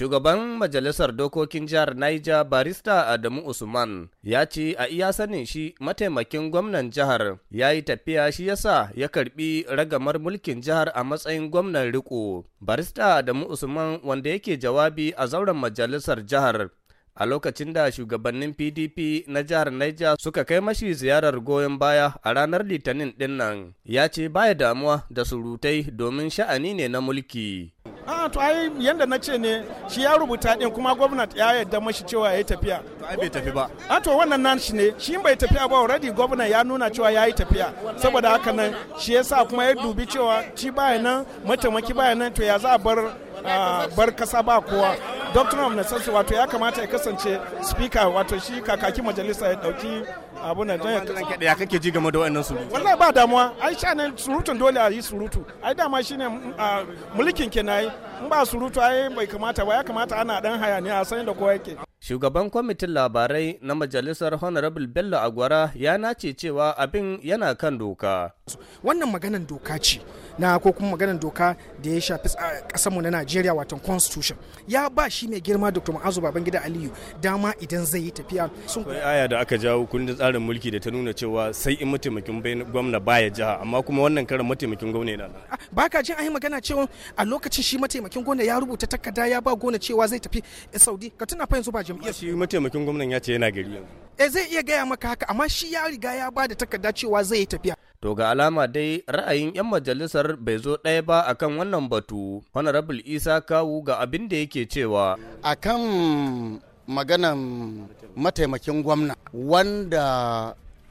Shugaban Majalisar Dokokin Jihar Niger Barista Adamu Usman ya ce a iya sanin shi mataimakin gwamnan jihar ya yi tafiya shi yasa ya karbi ragamar mulkin jihar a matsayin gwamnan riko. Barista Adamu Usman wanda yake jawabi a zauren majalisar jihar a lokacin da shugabannin PDP na jihar Niger suka kai mashi ziyarar goyon baya a ranar Litinin dinnan ya ce baya damuwa da surutai domin sha'ani ne na mulki. a ah, to ai yanda na ce ne shi ya rubuta din kuma gwamnati ya yarda mashi cewa ya yi tafiya to ai bai tafi ba a ah, to wannan nan shi ne shi bai tafiya ba already gwamnati ya nuna cewa ya yi tafiya saboda haka nan shi yasa kuma ya dubi cewa ci baya nan matamaki baya nan to ya za a bar ah, bar kasa ba kowa doctrine of necessity wato ya kamata ya kasance speaker wato shi kakakin majalisa ya dauki abu na jan ya kake ji game da wannan surutu wallahi ba damuwa ai nan surutun dole a yi surutu ai dama shine mulkin nayi in ba surutu ai bai kamata ba ya kamata ana dan hayaniya a san da kowa yake Shugaban kwamitin labarai na majalisar Honorable Bello Agwara ya nace cewa abin yana kan doka. wannan maganan doka ce na ko kuma maganan doka da ya shafi kasar mu na Najeriya wato constitution ya ba shi mai girma Dr. Mu'azu Babangida Aliyu dama idan zai yi tafiya sun kai aya da aka jawo kundin tsarin mulki da ta nuna cewa sai in mataimakin gwamna baya jiha amma kuma wannan karan mataimakin gwamna yana ba ka jin ai magana cewa a lokacin shi mataimakin gwamna ya rubuta takarda ya ba gwamna cewa zai tafi Saudi ka tuna fa yanzu ba jam'iyyar shi mataimakin gwamnan ya ce yana gari yanzu eh zai iya gaya maka haka amma shi ya riga ya ba da takarda cewa zai yi tafiya To ga alama dai ra'ayin 'yan majalisar bai zo ɗaya ba a kan wannan batu, Honorable Isa Kawu ga abin da yake cewa. A kan maganan mataimakin gwamna wanda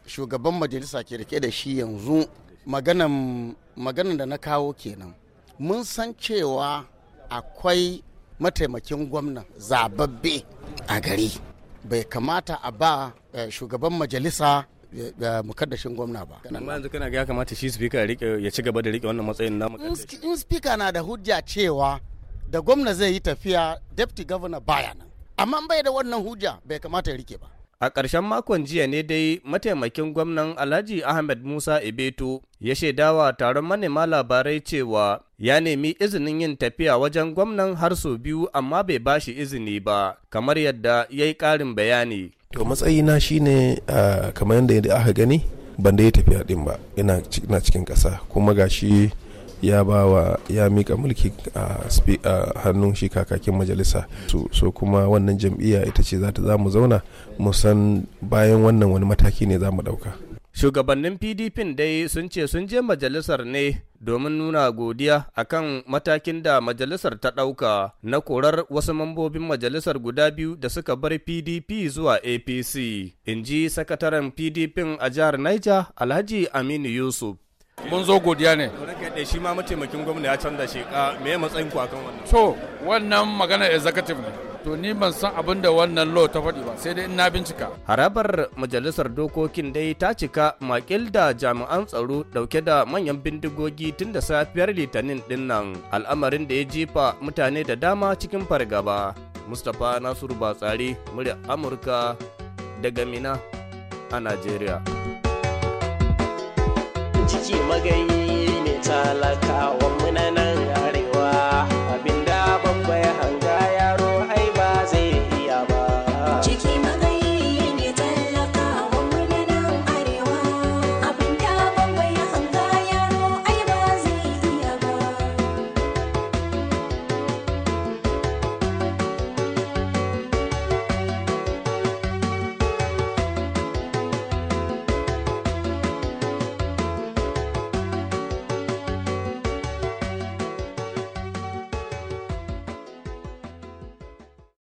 shugaban majalisa ke rike da shi yanzu maganan maganan da na kawo kenan. Mun san cewa akwai mataimakin gwamna zababbe a gari. Bai kamata a ba eh, shugaban majalisa mukaddashin gwamna ba amma yanzu kana ga ya kamata shi speaker ya ci gaba da rike wannan matsayin na in speaker na da hujja cewa da gwamna zai yi tafiya deputy governor baya nan amma bai da wannan hujja bai kamata ya rike ba a ƙarshen makon jiya ne dai mataimakin gwamnan alhaji ahmed musa ebeto ya shaidawa taron manema labarai cewa ya nemi izinin yin tafiya wajen gwamnan har sau biyu amma bai bashi izini ba kamar yadda ya yi ƙarin bayani to matsayi matsayina shine kamar yadda aka gani ban da ya tafi haɗin ba ina cikin ƙasa kuma gashi ya ba ya mika mulki a hannun shi kakakin majalisa so kuma wannan jam'iyya ita ce za ta za mu zauna mu san bayan wannan wani mataki ne za mu ɗauka Shugabannin PDP dai sun ce sun je majalisar ne domin nuna godiya akan matakin da majalisar ta ɗauka na korar wasu mambobin majalisar guda biyu da suka bar PDP zuwa APC, in ji sakataren PDP a jihar Niger Alhaji Aminu Yusuf. Mun zo godiya ne. da shi ma mataimakin gwamna ya canza shi ah, me matsayin ku akan wannan? To, wannan magana executive ne. to ni ban san abin da wannan law ta faɗi ba sai dai ina bincika harabar majalisar dokokin dai ta cika makil da jami'an tsaro dauke da manyan bindigogi tun da safiyar litinin din nan al'amarin da ya jefa mutane da dama cikin fargaba mustapha nasiru batsari murya amurka daga mina a najeriya ciki magayi ne talakawa munanan